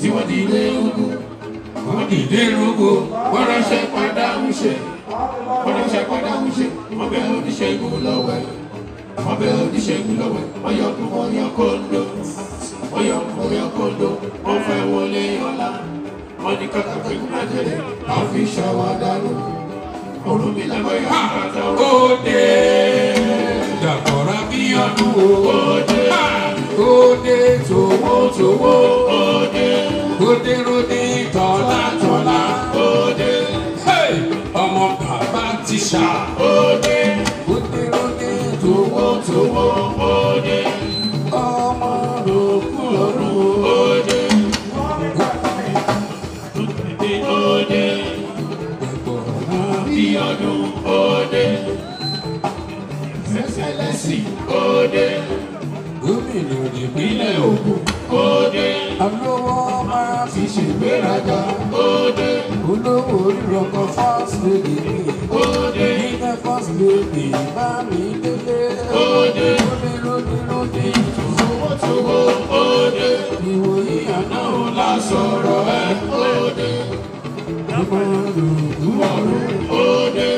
tí wọ́n dìde ogo wọ́n dìde rogo wọ́n ránṣẹ́ padà ń ṣe wọ́n ránṣẹ́ padà ń ṣe wọ́n bẹ oníṣègùn lọ́wọ́ ẹ̀ wọ́n bẹ oníṣègùn lọ́wọ́ ẹ̀ wọ́n yọ kún wọ́n yọ kóńdó wọ́n yọ kún wọ́n yọ kóńdó wọ́n fẹ́ wọlé ọ̀la wọ́n ní kàkà pé kúmájẹ́lẹ̀ àwọn fi ṣọwọ́ dánú yọ Stop. lóde bá mi délé. Òde lóde lóde lóde ìtòwó tòwó òde. Ìwòyí àná ò la sọ̀rọ̀ ẹ̀ òde. Ìmọ̀ràn ìmọ̀ràn òde.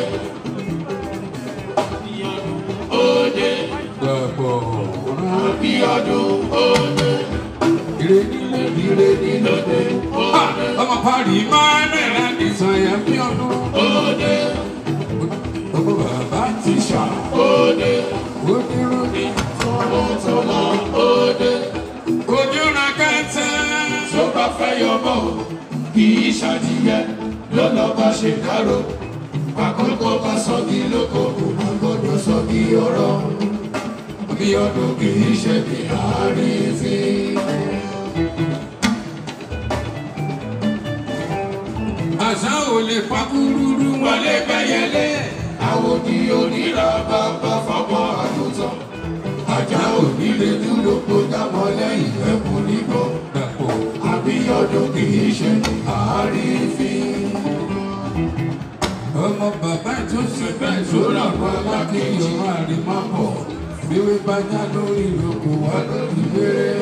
Òde. Dàpọ̀ ọ̀ràn bí ọdún òde. Ìrè nílé ìrè nílé òde. Ọmọ Parí máa ń rẹ̀ rẹ̀. Ojúrúni tọmọtọmọ òde. Ojúra kẹ́tẹ́. Tó o, kì í ṣàdìyẹ ló lọ bá ṣe kárò. Àkókò bá sọ́gi lóko, kò gbọ́dọ̀ sọ́gi ọ̀rọ̀. Bí ọdún kì í ṣe bí àárín fi. Àṣà ò lè pa kúrúrú wọlé pẹ́yẹlé aláwo ni onílà bàbá fọmọ àgùntàn ajá òní lè dúró kó dámọ lẹ́yìn ẹkùn níbọ Abíọ́dún kì í ṣe àárífín. ọmọ bàbá ìtòsí bẹ́ẹ̀ tó rà wọn lákìyọ àrímábọ bí wí lórí ìlòkù wá lórí wéré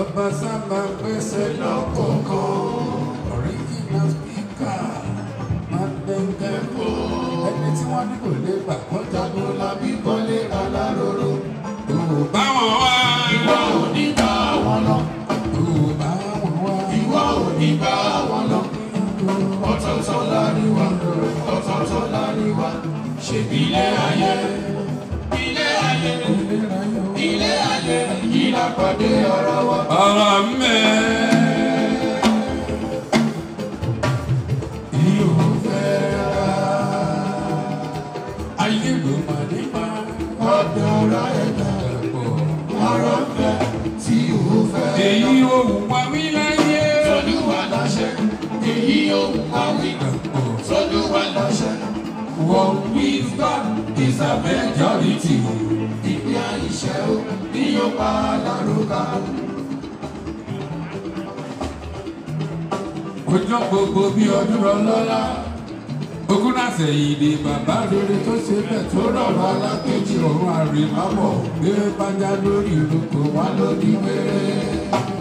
ọba sábà gbèsè lọ́kọ̀ọ̀kan. wọn ní kò lè gbà wọ́n jagun lábí kọ́lé aláróró. Yorùbá wọn wá. Ìwọ ò ní bá wọn lọ. Yorùbá wọn wá. Ìwọ ò ní bá wọn lọ. Ọ̀tọ̀ọ̀tọ̀ wa, Ọ̀tọ̀ọ̀tọ̀ wa, Ṣèbí ilé ayé. Ilé ayé. Ilé ayé. Yìí la pàdé ara wa. Ara mẹ́ẹ̀. ayé ló mà nípa ọ̀dọ̀ra ẹ̀dá pọ̀ ọ̀rọ̀ fẹ́ tí o fẹ́. èyí ohun pa mí láyé. sọdúnwà láṣẹ èyí ohun pa mí pọ̀ sọdúnwà láṣẹ. What we've got is a majority. Ìgbé àìṣẹ́ o, ní yóò pa alárùkà. Ojú gbogbo bí ọdún rọ lọ́la ogunlásẹ̀yìnde bàbá rere tó ṣe bẹ̀ tó rọ̀rọ̀ alákejì ọ̀run àrèmábọ̀ gbé bájá lórí ìrókò wá lórí wẹ́rẹ́.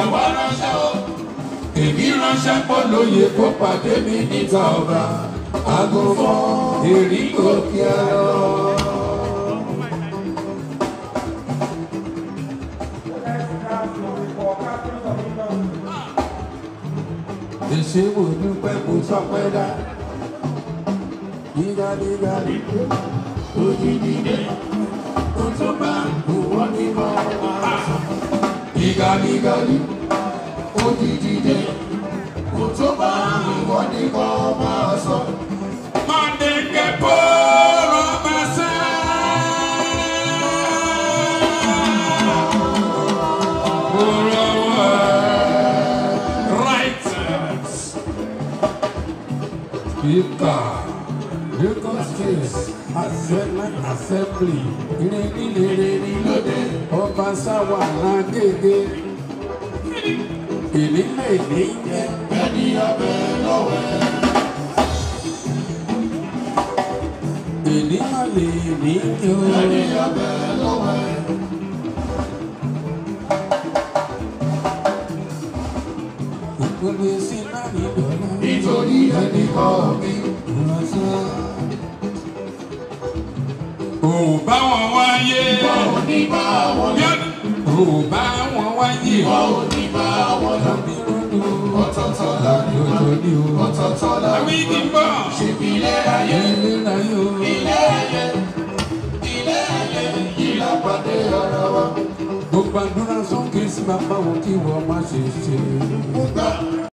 àwa ránṣẹ́ o èmi ránṣẹ́ pọ̀ lóye kó pàdé mi níta ọba àgùnfọ́ èrí gòkè àlọ́. ṣe wò dúpẹ́ kò sọpẹ́ dá. Dídádídá òjijì dé, ó tún bá òwò níbọn ìgàlígàlí òdìdí dé kò tó bá ìwọ máa sọ. máa dẹ́gẹ́ bọ́ọ̀rọ̀. Eita! Meu Assembly Assembly ire nílé rere lóde ọba sáwà lágége èmi lè ní jẹ ẹni abẹ lọ́wọ́ èmi má lè ní jẹ ẹni abẹ lọ́wọ́. Gbogbo sí náà ní dọ́là. Nítorí kò bá wọn wáyé wọn ò ní bá wọn lọ kò bá wọn wáyé wọn ò ní bá wọn lọ ọ̀tọ̀ọ̀tọ̀ la ní wọn ọ̀tọ̀ọ̀tọ̀ la ní wọn ṣe ilé ayé ilé ayé ilé ayé yìí pàdé ara wa. gbogbo àdúrà sókè sí bàbá òkè wọ́n má ṣe ṣe.